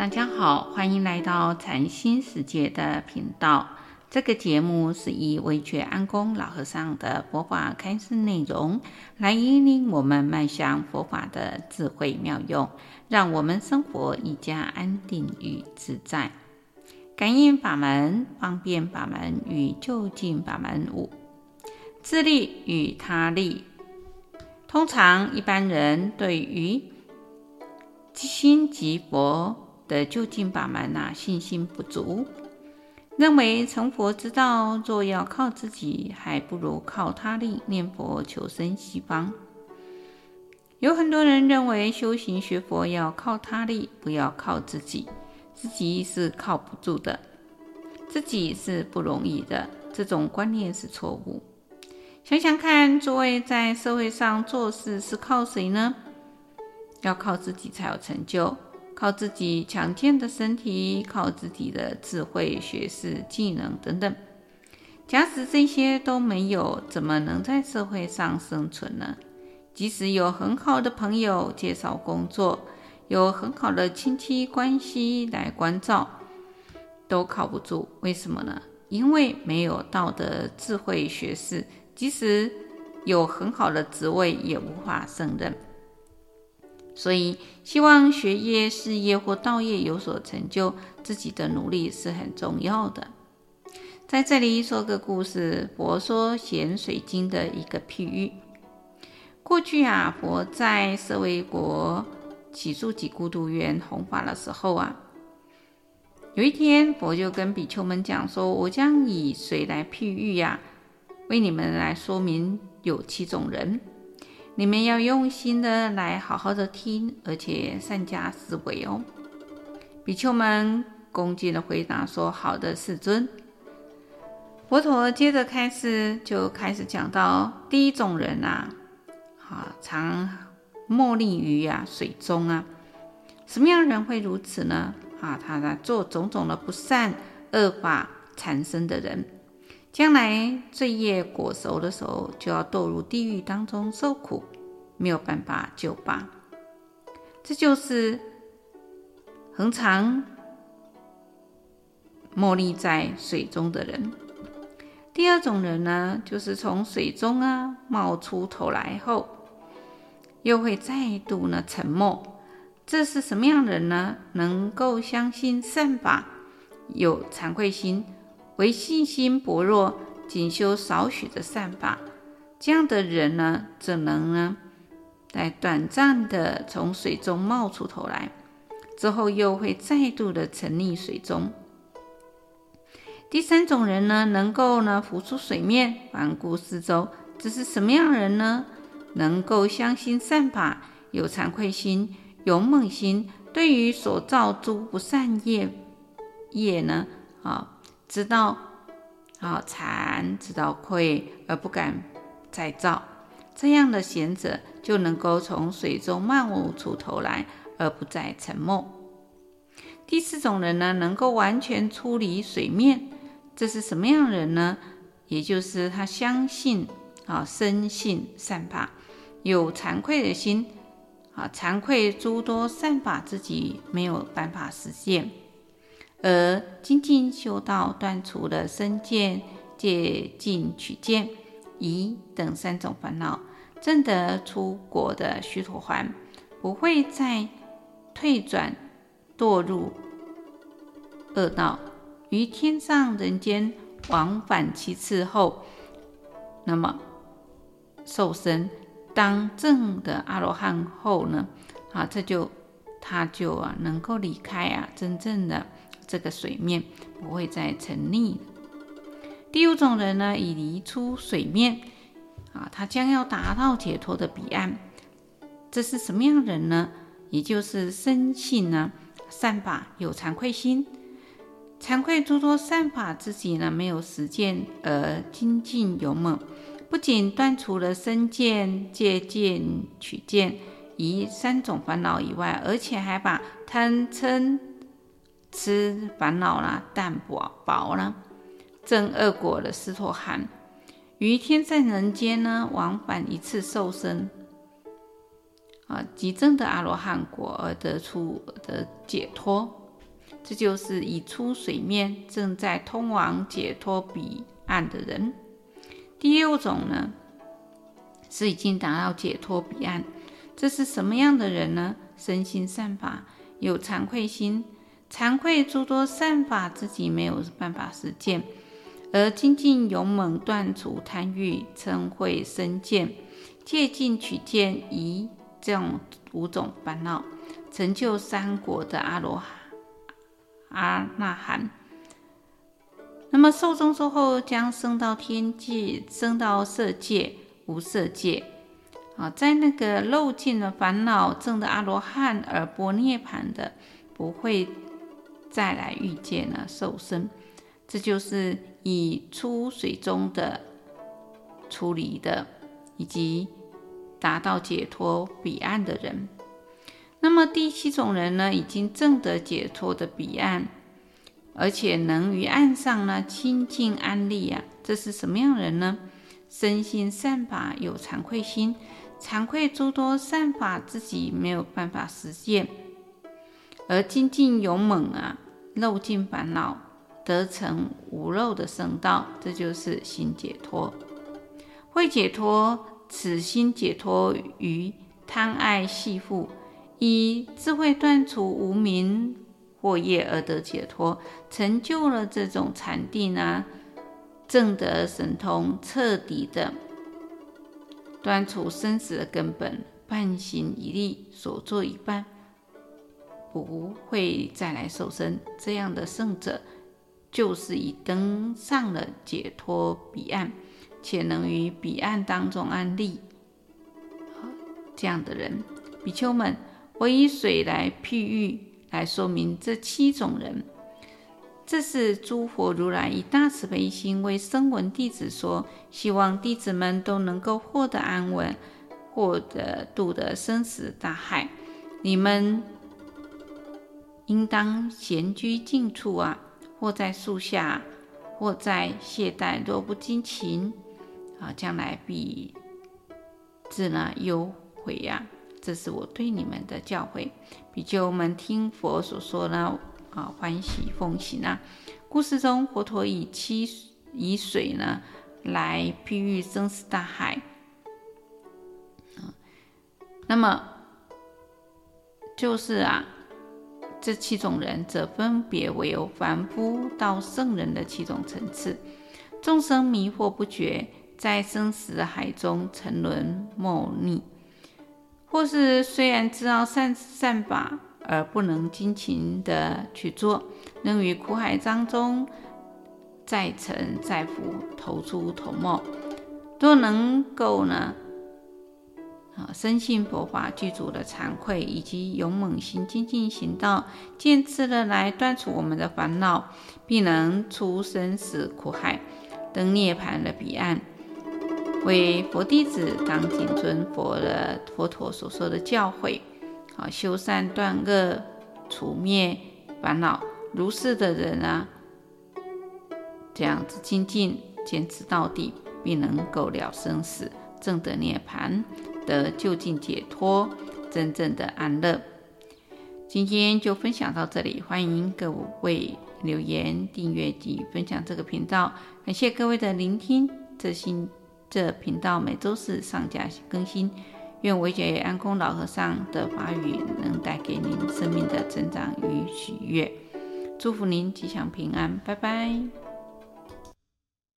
大家好，歡迎來到禪心世界的頻道。這個節目是以唯覺安公老和尚的佛法開示內容，來引領我們邁向佛法的智慧妙用，讓我們生活更加安定與自在。感應法門、方便法門與究竟法門五，自力與他力。通常一般人對於即心即佛的究竟法門吶，信心不足，認為成佛之道若要靠自己，還不如靠他力念佛求生西方。有很多人認為修行學佛要靠他力，不要靠自己，自己是靠不住的，自己是不容易的。這種觀念是錯誤。想想看，諸位在社會上做事是靠誰呢？要靠自己才有成就。靠自己強健的身體，靠自己的智慧、學識、技能等等。假使這些都沒有，怎麼能在社會上生存呢？即使有很好的朋友介紹工作，有很好的親戚關係來關照，都靠不住。為什麼呢？因為沒有道德、智慧、學識，即使有很好的職位，也無法勝任。所以，希望學業、事業或道業有所成就，自己的努力是很重要的。在這裡說個故事，佛說《鹹水喻經》的一個譬喻。過去啊，佛在舍衛國祇樹給孤獨園弘法的時候啊，有一天，佛就跟比丘們講說：“我將以水來譬喻呀，為你們來說明有七種人。”你們要用心的來好好的聽，而且善加思維哦。比丘們恭敬的回答說：“好的，世尊。”佛陀接着開始就開始講到第一種人啊，恆、啊、常沒溺於啊水中啊，什麼樣的人會如此呢？啊，他呢，做種種的不善惡法纏身的人，將來罪業果熟的時候，就要墮入地獄當中受苦，沒有辦法救拔。這就是恆常沒溺在水中的人。第二種人呢，就是從水中啊冒出頭來後，又會再度呢沉沒，這是什麼樣的人呢？能夠相信善法，有慚愧心。唯信心薄弱，僅修少許的善法，這樣的人呢，只能呢，在短暫的從水中冒出頭來，之後又會再度的沉溺水中。第三種人呢，能夠呢浮出水面，環顧四周，這是什麼樣的人呢？能夠相信善法，有慚愧心、勇猛心，對於所造諸不善業業呢，啊、哦。知道啊慚，知道愧，而不敢再造，這樣的賢者就能夠從水中漫無出頭來，而不再沉沒。第四種人呢，能夠完全出離水面，這是什麼樣的人呢？也就是他相信啊，深信善法，有慚愧的心啊，慚愧諸多善法自己沒有辦法實現。而精進修道，斷除了身見、戒禁取見、疑等三種煩惱，證得初果的須陀洹，不會再退轉、墮入惡道，於天上人間往返七次後，那麼受生當證的阿羅漢後呢，啊，這就他就啊，能夠離開啊，真正的，這個水面，不會再沉溺。第五種人呢，已離出水面啊，他將要達到解脫的彼岸。這是什麼樣的人呢？也就是深信呢，善法有慚愧心，慚愧諸多善法自己呢，沒有實踐，而精進勇猛，不僅斷除了身見、戒見、取見、疑三種煩惱以外，而且還把貪嗔。癡煩惱啦，淡薄薄啦，證二果的斯陀含，於天上人間呢，往返一次受生，啊，即證的阿羅漢果而得出的解脫，這就是已出水面，正在通往解脫彼岸的人。第六種呢，是已經達到解脫彼岸，這是什麼樣的人呢？深信善法，有慚愧心。慚愧諸多善法自己沒有辦法實踐，而精進勇猛，斷除貪欲、瞋恚、身見、戒禁取見、疑這樣五種煩惱，成就三果的阿羅漢阿那含。那麼壽終之後將升到天界、升到色界、無色界啊，在那個漏盡的煩惱證的阿羅漢而般涅槃的不會，再來欲界受生。這就是已出水中的出離的，以及達到解脫彼岸的人。那麼第七種人呢，已經證得解脫的彼岸，而且能於岸上呢清淨安立呀、啊，這是什麼樣的人呢？深信善法，有慚愧心，慚愧諸多善法自己沒有辦法實現。而精進勇猛啊，漏盡煩惱，得成無漏的聖道，這就是心解脫、慧解脫，此心解脫於貪愛繫縛，以智慧斷除無明惑業而得解脫，成就了這種禪定呢、啊，證得神通，徹底的斷除生死的根本，梵行已立，所作已辦。不會再來受生。這樣的聖者就是已登上了解脫彼岸，且能於彼岸當中安立。這樣的人，比丘們，我以水來譬喻，來說明這七種人。這是諸佛如來以大慈悲心為聲聞弟子說，希望弟子們都能夠獲得安穩，獲得度得生死大海。你們。應當閑居靜處啊，或在樹下，或在懈怠，若不精勤啊，將來必致呢憂悔呀。這是我對你們的教誨。比丘們聽佛所說呢，啊，歡喜奉行啊。故事中佛陀以七以水呢，來譬喻生死大海，嗯，那麼就是啊。這七種人，則分別為由凡夫到聖人的七種層次。眾生迷惑不覺，在生死的海中沉淪沒溺，或是雖然知道善善法，而不能精勤地去做，能於苦海當中載沉載浮，頭出頭沒，都能夠呢。生信佛法具足的慚愧，以及勇猛心，精進行道，堅持的來斷除我們的煩惱，並能出生死苦海，登涅槃的彼岸。為佛弟子，當謹遵佛的佛陀所說的教誨，修善斷惡，除滅煩惱。如是的人啊，這樣子精進堅持到底，並能夠了生死，正得涅槃。得究竟解脫，真正的安樂。今天就分享到這裡，歡迎各位留言、訂閱及分享這個頻道。感謝各位的聆聽，這新這頻道每周四上架更新。願惟覺安公老和尚的法語能帶給您生命的成長與喜悅，祝福您吉祥平安，拜拜。